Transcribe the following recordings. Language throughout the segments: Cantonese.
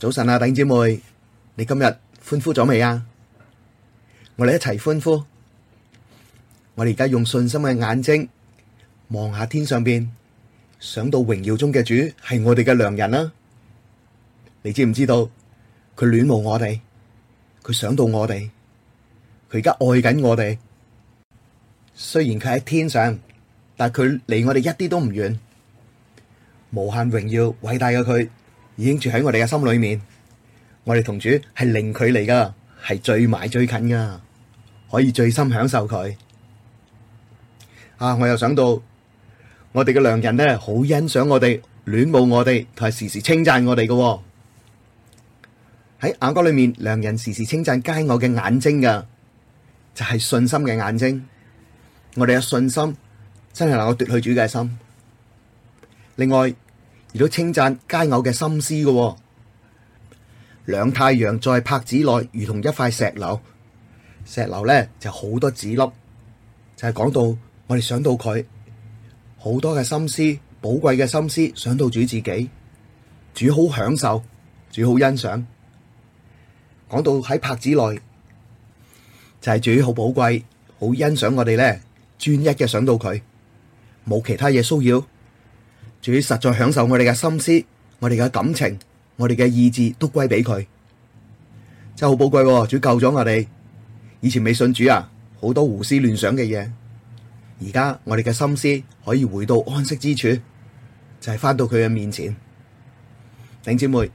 早晨啊，弟兄姊妹，你今日歡呼咗未啊？我哋一齊歡呼！我哋而家用信心嘅眼睛望下天上邊，想到榮耀中嘅主係我哋嘅良人啦、啊。你知唔知道佢戀慕我哋，佢想到我哋，佢而家愛緊我哋。雖然佢喺天上，但佢離我哋一啲都唔遠。無限榮耀偉大嘅佢。已經住喺我哋嘅心裏面，我哋同主係零距離噶，係最埋最近噶，可以最深享受佢。啊！我又想到，我哋嘅良人咧，好欣賞我哋，戀慕我哋，係時時稱讚我哋嘅。喺眼角裏面，良人時時稱讚皆我嘅眼睛噶，就係信心嘅眼睛。我哋有信心，真係能夠奪去主嘅心。另外。亦都稱讚佳偶嘅心思嘅、哦，兩太陽在帕子內如同一塊石榴，石榴咧就好多籽粒，就係講到我哋想到佢好多嘅心思，寶貴嘅心思想到主自己，主好享受，主好欣賞，講到喺帕子內就係主好寶貴，好欣賞我哋咧專一嘅想到佢，冇其他嘢騷擾。主實在享受我哋嘅心思、我哋嘅感情、我哋嘅意志，都歸俾佢，真係好寶貴。主救咗我哋，以前未信主啊，好多胡思亂想嘅嘢，而家我哋嘅心思可以回到安息之處，就係、是、翻到佢嘅面前。弟兄姊妹，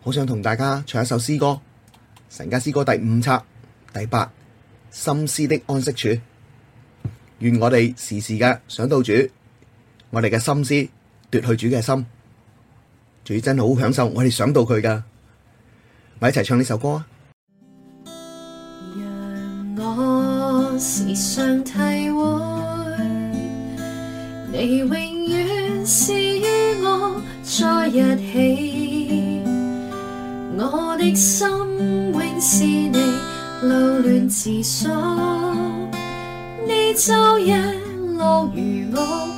好想同大家唱一首詩歌，《神家詩歌》第五冊第八《心思的安息處》，願我哋時時嘅想到主，我哋嘅心思。奪去主嘅心，主真好享受，我哋想到佢噶，我哋一齊唱呢首歌啊！讓我時常體會，你永遠是與我在一起，我的心永是你留戀之所，你晝夜樂與我同活。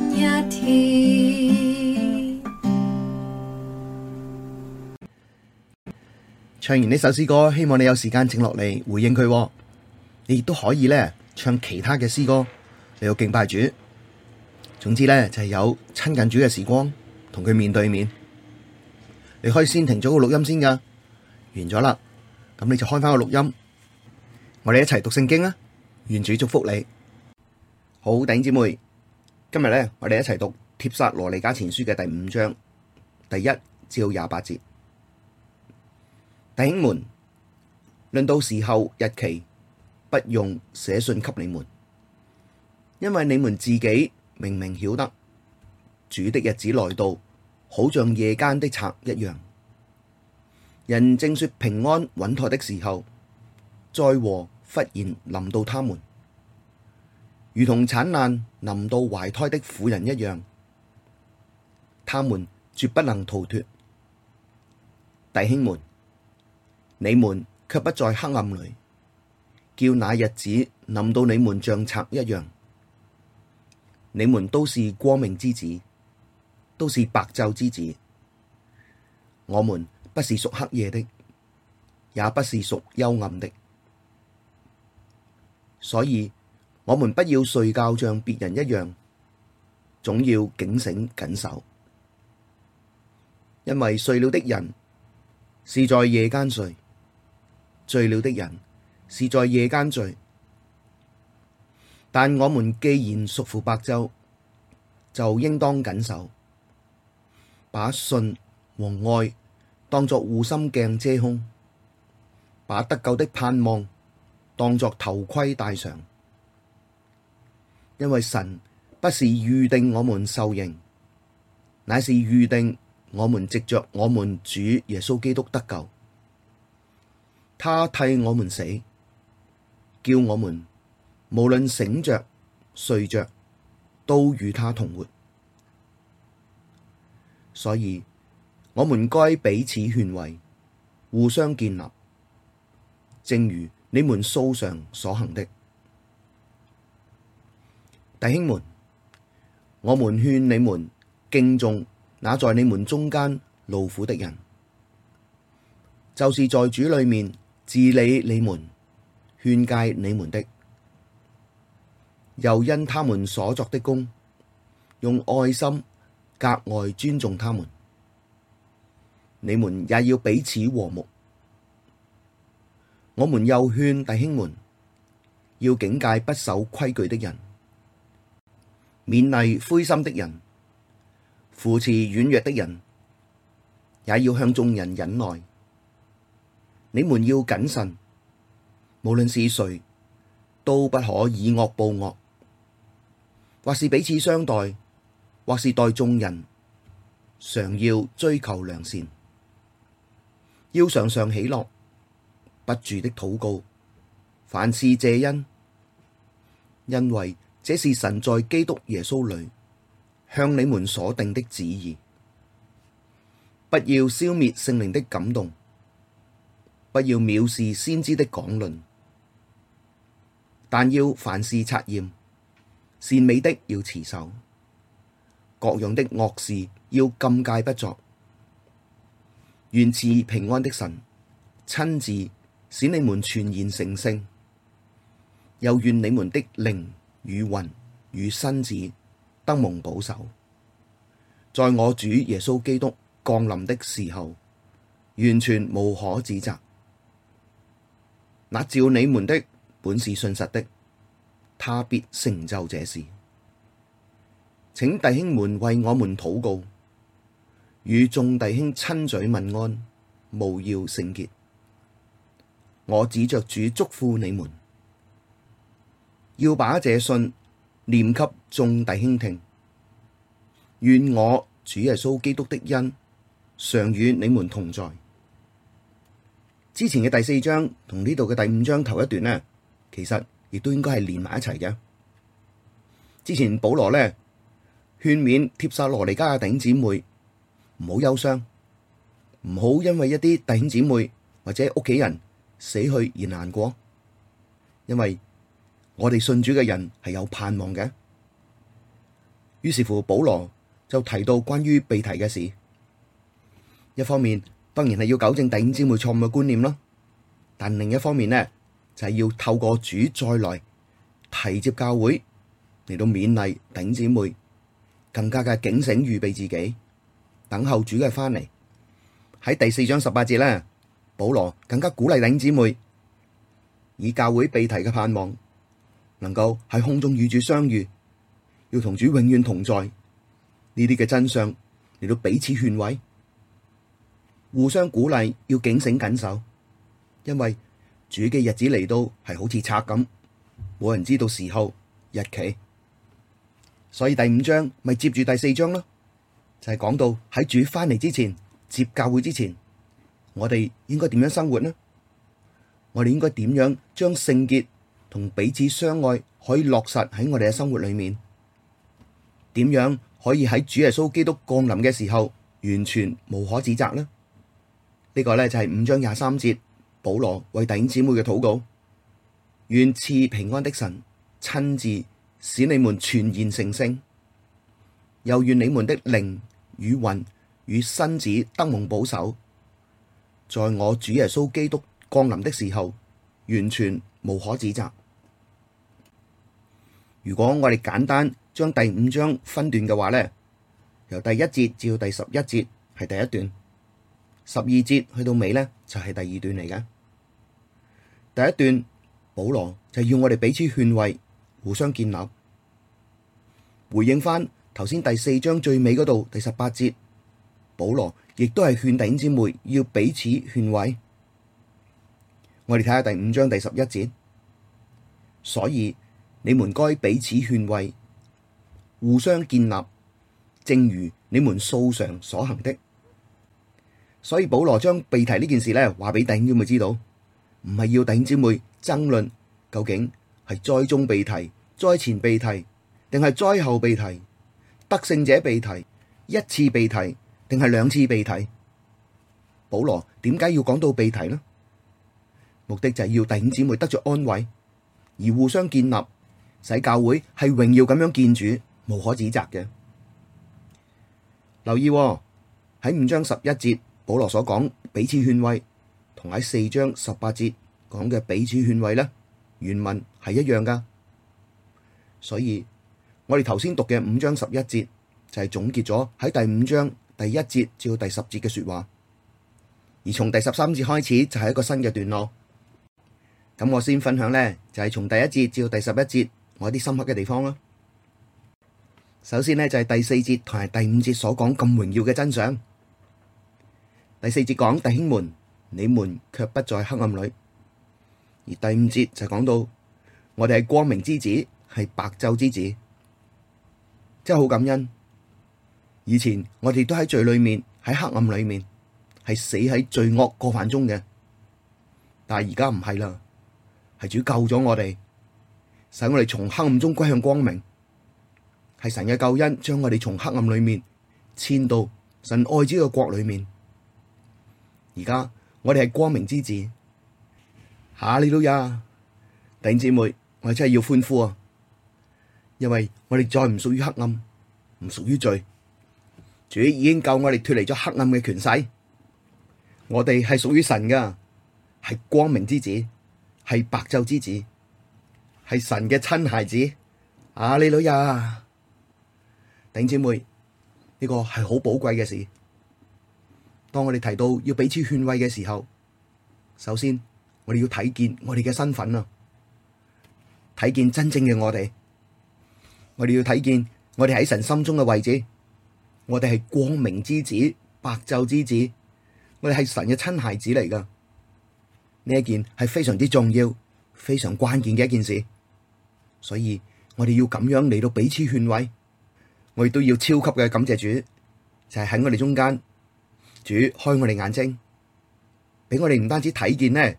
唱完呢首詩歌，希望你有時間靜落嚟回應佢。你亦都可以咧唱其他嘅詩歌，你要敬拜主。總之咧就係、是、有親近主嘅時光，同佢面對面。你可以先停咗個錄音先噶，完咗啦，咁你就開翻個錄音。我哋一齊讀聖經啊！願主祝福你。好，弟兄姊妹，今日咧我哋一齊讀帖撒羅尼加前書嘅第五章第一至廿八節。弟兄們，論到時候日期，不用寫信給你們，因為你們自己明明曉得主的日子來到，好像夜間的賊一樣。人正說平安穩妥的時候，災禍忽然臨到他們，如同產難臨到懷胎的婦人一樣，他們絕不能逃脫。弟兄們。你們却不在黑暗裡，叫那日子臨到你們像賊一樣。你們都是光明之子，都是白晝之子。我們不是屬黑夜的，也不是屬幽暗的。所以，我們不要睡覺像別人一樣，總要警醒謹守，因為睡了的人是在夜間睡。醉了的人是在夜間醉，但我們既然屬乎白晝，就應當謹守，把信和愛當作護心鏡遮胸，把得救的盼望當作頭盔戴上，因為神不是預定我們受刑，乃是預定我們藉着我們主耶穌基督得救。他替我們死，叫我們無論醒着、睡着，都與他同活。所以，我們該彼此勸慰，互相建立，正如你們素常所行的。弟兄們，我們勸你們敬重那在你們中間勞苦的人，就是在主裡面。治理你們、勸戒你們的，又因他們所作的工，用愛心格外尊重他們。你們也要彼此和睦。我們又勸弟兄們，要警戒不守規矩的人，勉勵灰心的人，扶持軟弱的人，也要向眾人忍耐。你們要謹慎，無論是誰，都不可以惡報惡，或是彼此相待，或是待眾人，常要追求良善，要常常喜樂，不住的禱告。凡事謝恩，因為這是神在基督耶穌裡向你們所定的旨意。不要消滅聖靈的感動。不要藐視先知的講論，但要凡事察驗，善美的要持守，各樣的惡事要禁戒不作。願賜平安的神，親自使你們全然成聖，又願你們的靈與魂與身子得蒙保守，在我主耶穌基督降臨的時候，完全無可指責。那召你們的本是信實的，他必成就這事。請弟兄們為我們禱告，與眾弟兄親嘴問安，務要聖潔。我指着主囑咐你們，要把這信念給眾弟兄聽。願我主耶穌基督的恩常與你們同在。之前嘅第四章同呢度嘅第五章頭一段呢，其實亦都應該係連埋一齊嘅。之前保羅呢勸勉帖撒羅尼迦嘅弟兄姊妹唔好憂傷，唔好因為一啲弟兄姊妹或者屋企人死去而難過，因為我哋信主嘅人係有盼望嘅。於是乎，保羅就提到關於被提嘅事，一方面。當然係要糾正頂姊妹錯誤嘅觀念啦，但另一方面呢，就係、是、要透過主再來提接教會，嚟到勉勵頂姊妹，更加嘅警醒預備自己，等候主嘅翻嚟。喺第四章十八節呢，保羅更加鼓勵頂姊妹，以教會被提嘅盼望，能夠喺空中與主相遇，要同主永遠同在。呢啲嘅真相嚟到彼此勸慰。互相鼓勵，要警醒緊守，因為主嘅日子嚟到係好似賊咁，冇人知道時候日期。所以第五章咪接住第四章咯，就係講到喺主翻嚟之前，接教會之前，我哋應該點樣生活呢？我哋應該點樣將聖潔同彼此相愛可以落實喺我哋嘅生活裏面？點樣可以喺主耶穌基督降臨嘅時候完全無可指責呢？呢個呢，就係五章廿三節，保羅為弟兄姊妹嘅禱告，願賜平安的神親自使你們全然成聖，又願你們的靈與魂與身子得蒙保守，在我主耶穌基督降臨的時候，完全無可指責。如果我哋簡單將第五章分段嘅話呢，由第一節至到第十一節係第一段。十二節去到尾呢，就係第二段嚟嘅。第一段保羅就要我哋彼此勸慰，互相建立。回應翻頭先第四章最尾嗰度第十八節，保羅亦都係勸弟兄姊妹要彼此勸慰。我哋睇下第五章第十一節，所以你們該彼此勸慰，互相建立，正如你們素常所行的。所以保羅將被提呢件事咧話俾弟兄姊妹知道，唔係要弟兄姊妹爭論究竟係災中被提、災前被提，定係災後被提，得勝者被提，一次被提定係兩次被提。保羅點解要講到被提呢？目的就係要弟兄姊妹得着安慰，而互相建立，使教會係榮耀咁樣建主，無可指責嘅。留意喎，喺五章十一節。保羅所講彼此勸慰，同喺四章十八節講嘅彼此勸慰呢，原文係一樣噶。所以，我哋頭先讀嘅五章十一節就係、是、總結咗喺第五章第一節至到第十節嘅說話，而從第十三節開始就係一個新嘅段落。咁我先分享呢，就係、是、從第一節至到第十一節，我啲深刻嘅地方啦。首先呢，就係、是、第四節同埋第五節所講咁榮耀嘅真相。第四節講，弟兄們，你們卻不在黑暗裡；而第五節就講到我哋係光明之子，係白晝之子，真係好感恩。以前我哋都喺罪裡面，喺黑暗裡面，係死喺罪惡過犯中嘅，但係而家唔係啦，係主救咗我哋，使我哋從黑暗中歸向光明，係神嘅救恩將我哋從黑暗裡面遷到神愛子嘅國裡面。而家我哋係光明之子，哈利路亞，弟姊妹，我真係要歡呼啊！因為我哋再唔屬於黑暗，唔屬於罪，主已經救我哋脫離咗黑暗嘅權勢，我哋係屬於神㗎，係光明之子，係白晝之子，係神嘅親孩子，哈利路亞，弟姊妹，呢、這個係好寶貴嘅事。當我哋提到要彼此勸慰嘅時候，首先我哋要睇見我哋嘅身份啊，睇見真正嘅我哋，我哋要睇見我哋喺神心中嘅位置，我哋係光明之子、白晝之子，我哋係神嘅親孩子嚟噶，呢一件係非常之重要、非常關鍵嘅一件事，所以我哋要咁樣嚟到彼此勸慰，我亦都要超級嘅感謝主，就係喺我哋中間。主開我哋眼睛，俾我哋唔單止睇見呢，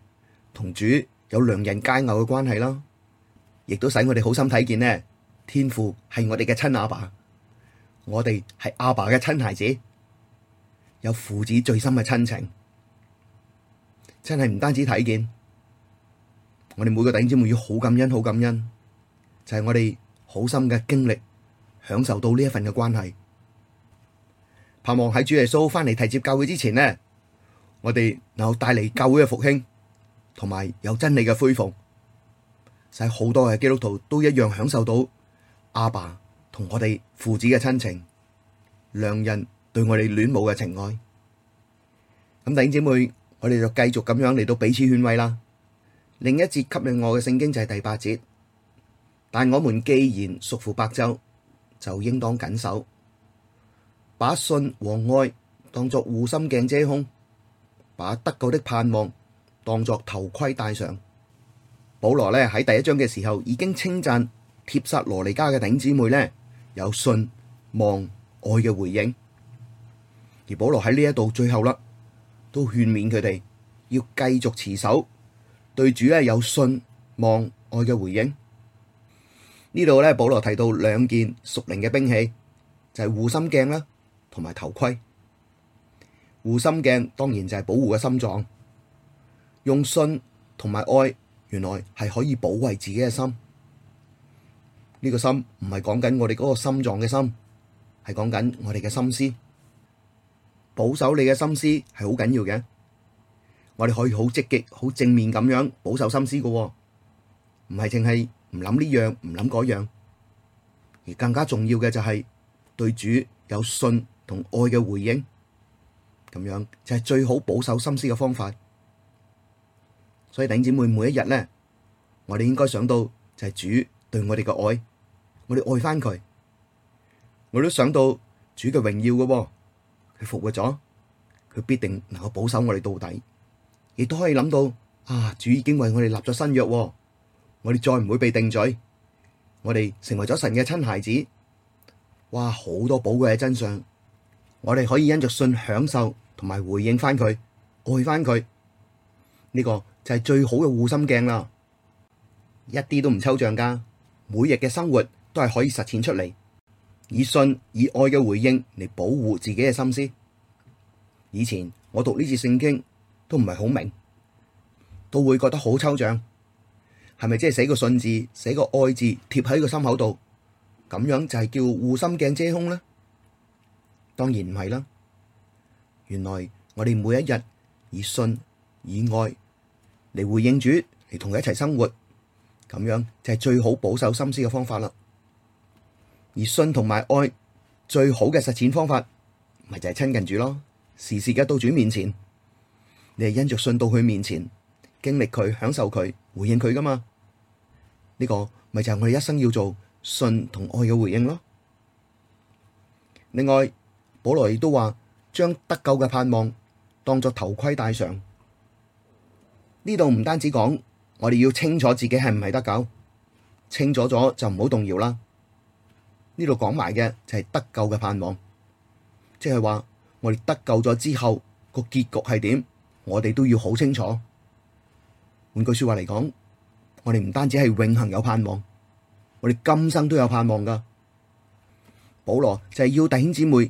同主有良人佳偶嘅關係啦，亦都使我哋好心睇見呢，天父係我哋嘅親阿爸，我哋係阿爸嘅親孩子，有父子最深嘅親情，真係唔單止睇見，我哋每個弟兄姊妹要好感恩，好感恩，就係我哋好心嘅經歷，享受到呢一份嘅關係。盼望喺主耶穌翻嚟提接教會之前呢，我哋能夠帶嚟教會嘅復興，同埋有真理嘅恢復，使好多嘅基督徒都一樣享受到阿爸同我哋父子嘅親情，良人對我哋戀慕嘅情愛。咁弟兄姊妹，我哋就繼續咁樣嚟到彼此勸慰啦。另一節吸引我嘅聖經就係第八節，但我們既然屬乎白晝，就應當謹守。把信和愛當作護心鏡遮胸，把得救的盼望當作頭盔戴上。保羅咧，喺第一章嘅時候已經稱讚帖撒羅尼迦嘅弟兄姊妹咧，有信望愛嘅回應，而保羅喺呢一度最後啦，都勸勉佢哋要繼續持守對主咧，有信望愛嘅回應。呢度咧，保羅提到兩件屬靈嘅兵器，就係護心鏡啦。同埋頭盔、護心鏡當然就係保護嘅心臟。用信同埋愛，原來係可以保護自己嘅心。呢個心唔係講緊我哋嗰個心臟嘅心，係講緊我哋嘅心思。保守你嘅心思係好緊要嘅。我哋可以好積極、好正面咁樣保守心思嘅，唔係淨係唔諗呢樣、唔諗嗰樣。而更加重要嘅就係對主有信，同愛嘅回應，咁樣就係最好保守心思嘅方法。所以弟姐妹，每一日咧，我哋應該想到就係主對我哋嘅愛，我哋愛翻佢。我都想到主嘅榮耀嘅，佢復活咗，佢必定能夠保守我哋到底。亦都可以諗到，啊，主已經為我哋立咗新約，我哋再唔會被定罪，我哋成為咗神嘅親孩子。哇，好多寶貴嘅真相。我哋可以因着信享受同埋回應翻佢愛翻佢，呢個就係最好嘅護心鏡啦，一啲都唔抽象噶，每日嘅生活都係可以實踐出嚟，以信以愛嘅回應嚟保護自己嘅心思。以前我讀呢節聖經都唔係好明，都會覺得好抽象，係咪即係寫個信字寫個愛字貼喺個心口度，咁樣就係叫護心鏡遮胸咧？當然唔係啦，原來我哋每一日以信以愛嚟回應主，嚟同佢一齊生活，咁樣就係最好保守心思嘅方法啦。而信同埋愛最好嘅實踐方法，咪就係親近主咯，時時嘅到主面前，你係因着信到佢面前，經歷佢，享受佢，回應佢噶嘛？呢個咪就係我哋一生要做信同愛嘅回應咯。另外。保羅亦都話，將得救嘅盼望當作頭盔戴上。呢度唔單止講我哋要清楚自己係唔係得救，清楚咗就唔好動搖啦。呢度講埋嘅就係得救嘅盼望，即係話我哋得救咗之後個結局係點，我哋都要好清楚。換句說話嚟講，我哋唔單止係永恆有盼望，我哋今生都有盼望噶。保羅就係要弟兄姊妹。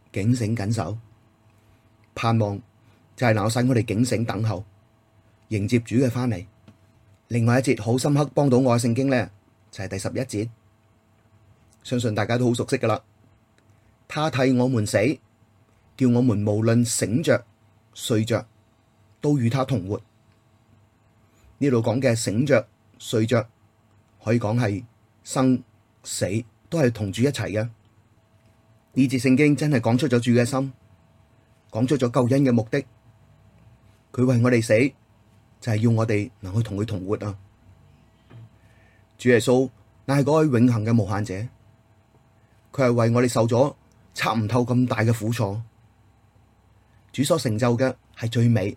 警醒謹守，盼望就係能夠使我哋警醒等候，迎接主嘅返嚟。另外一節好深刻幫到我嘅聖經呢，就係、是、第十一節，相信大家都好熟悉㗎喇。他替我們死，叫我們無論醒着睡着，都與他同活。呢度講嘅醒着睡着，可以講係生死都係同主一齊嘅。呢節聖經真係講出咗主嘅心，講出咗救恩嘅目的。佢為我哋死，就係要我哋能去同佢同活啊！主耶穌乃係嗰位永恒嘅無限者，佢係為我哋受咗拆唔透咁大嘅苦楚。主所成就嘅係最美、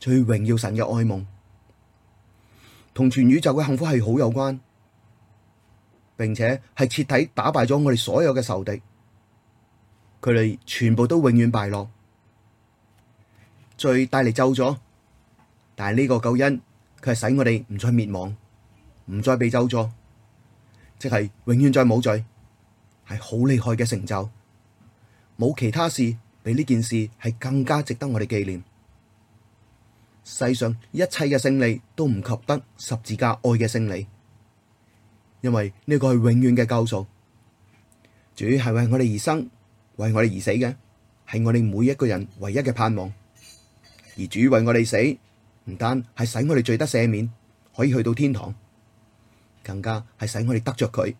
最榮耀神嘅愛夢，同全宇宙嘅幸福係好有關，並且係徹底打敗咗我哋所有嘅仇敵。佢哋全部都永遠敗落，罪帶嚟咒詛，但係呢個救恩佢係使我哋唔再滅亡，唔再被咒詛，即係永遠再冇罪，係好厲害嘅成就。冇其他事比呢件事係更加值得我哋紀念。世上一切嘅勝利都唔及得十字架愛嘅勝利，因為呢個係永遠嘅救贖。主要係為我哋而生，為我哋而死嘅係我哋每一個人唯一嘅盼望，而主為我哋死，唔單係使我哋罪得赦免，可以去到天堂，更加係使我哋得着佢，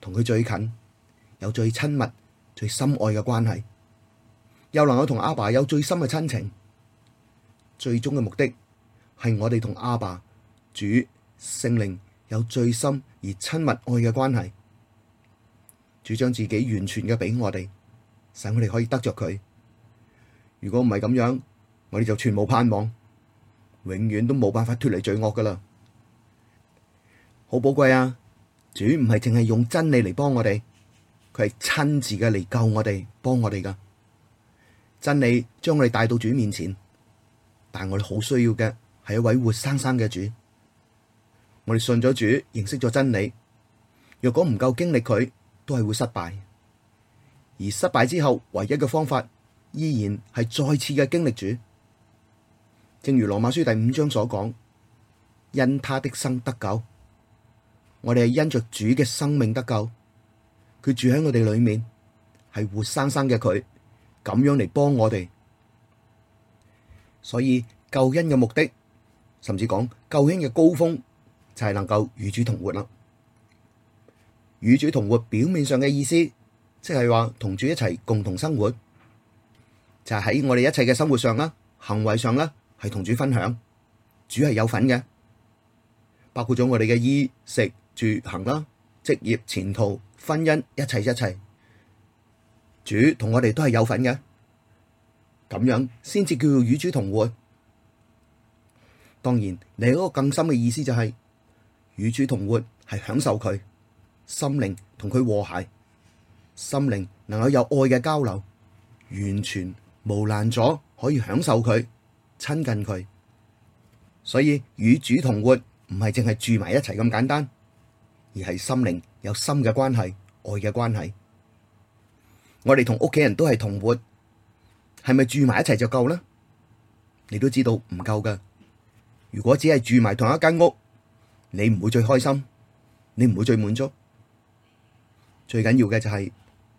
同佢最近，有最親密、最深愛嘅關係，又能夠同阿爸有最深嘅親情。最終嘅目的係我哋同阿爸、主、聖靈有最深而親密愛嘅關係。主將自己完全嘅俾我哋，使我哋可以得着佢。如果唔係咁樣，我哋就全冇盼望，永遠都冇辦法脫離罪惡噶啦。好寶貴啊！主唔係淨係用真理嚟幫我哋，佢係親自嘅嚟救我哋、幫我哋噶。真理將我哋帶到主面前，但係我哋好需要嘅係一位活生生嘅主。我哋信咗主、認識咗真理，若果唔夠經歷佢，都係會失敗。而失敗之後，唯一嘅方法依然係再次嘅經歷主，正如羅馬書第五章所講，因他的生得救，我哋係因着主嘅生命得救，佢住喺我哋裏面，係活生生嘅佢，咁樣嚟幫我哋。所以救恩嘅目的，甚至講救恩嘅高峰，就係、是、能夠與主同活啦。與主同活表面上嘅意思，即係話同主一齊共同生活，就喺我哋一切嘅生活上啦、行為上啦，係同主分享，主係有份嘅，包括咗我哋嘅衣食住行啦、職業前途、婚姻，一切一切，主同我哋都係有份嘅，咁樣先至叫做與主同活。當然，另一個更深嘅意思就係與主同活係享受佢，心靈同佢和諧。心靈能夠有愛嘅交流，完全無攔阻，可以享受佢，親近佢。所以與主同活唔係淨係住埋一齊咁簡單，而係心靈有心嘅關係、愛嘅關係。我哋同屋企人都係同活，係咪住埋一齊就夠呢？你都知道唔夠㗎。如果只係住埋同一間屋，你唔會最開心，你唔會最滿足。最緊要嘅就係。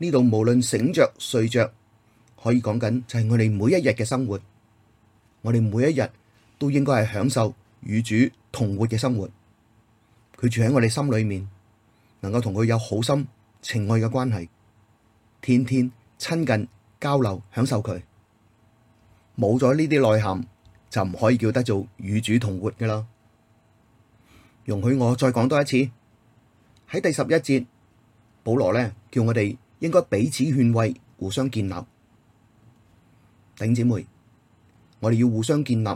呢度無論醒着睡着，可以講緊就係我哋每一日嘅生活，我哋每一日都應該係享受與主同活嘅生活。佢住喺我哋心裏面，能夠同佢有好心情愛嘅關係，天天親近交流，享受佢。冇咗呢啲內涵，就唔可以叫得做與主同活㗎喇。容許我再講多一次，喺第十一節，保羅呢叫我哋。應該彼此勸慰，互相建立。弟兄姊妹，我哋要互相建立，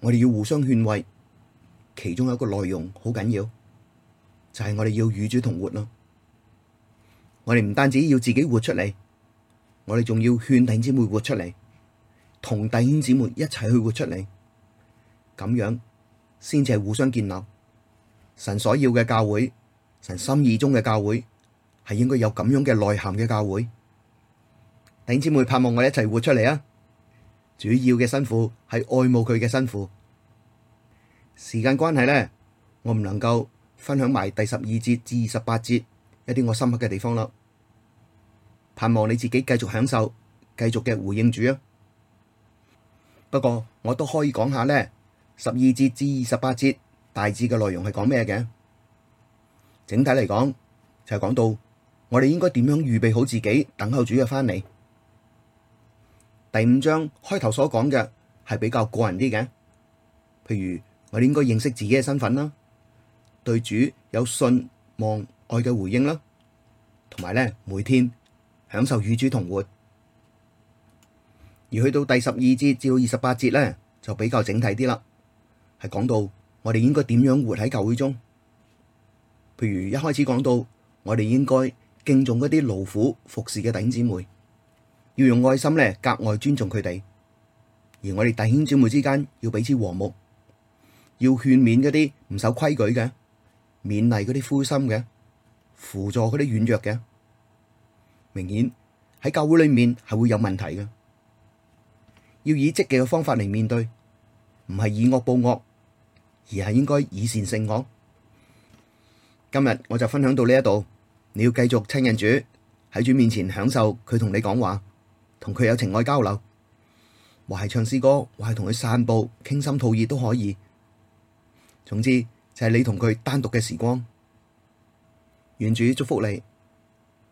我哋要互相勸慰。其中有一個內容好緊要，就係我哋要與主同活囉。我哋唔單止要自己活出嚟，我哋仲要勸弟兄姊妹活出嚟，同弟兄姊妹一齊去活出嚟。咁樣先至係互相建立。神所要嘅教會，神心意中嘅教會。係應該有咁樣嘅內涵嘅教會。弟兄姊妹，盼望我哋一齊活出嚟啊！主要嘅辛苦係愛慕佢嘅辛苦。時間關係咧，我唔能夠分享埋第十二節至二十八節一啲我深刻嘅地方啦。盼望你自己繼續享受，繼續嘅回應主啊！不過我都可以講下咧，十二節至二十八節大致嘅內容係講咩嘅？整體嚟講就係、是、講到。我哋應該點樣預備好自己等候主嘅返嚟？第五章開頭所講嘅係比較個人啲嘅，譬如我哋應該認識自己嘅身份啦，對主有信望愛嘅回應啦，同埋咧每天享受與主同活。而去到第十二節至到二十八節咧就比較整體啲啦，係講到我哋應該點樣活喺教會中，譬如一開始講到我哋應該。敬重嗰啲勞苦服侍嘅弟兄姊妹，要用愛心咧格外尊重佢哋。而我哋弟兄姊妹之間要彼此和睦，要勸勉嗰啲唔守規矩嘅，勉勵嗰啲灰心嘅，扶助嗰啲軟弱嘅。明顯喺教會裏面係會有問題嘅，要以積極嘅方法嚟面對，唔係以惡報惡，而係應該以善勝惡。今日我就分享到呢一度。你要繼續親近主，喺主面前享受佢同你講話，同佢有情愛交流，或係唱詩歌，或係同佢散步，傾心吐意都可以。總之就係你同佢單獨嘅時光，願主祝福你。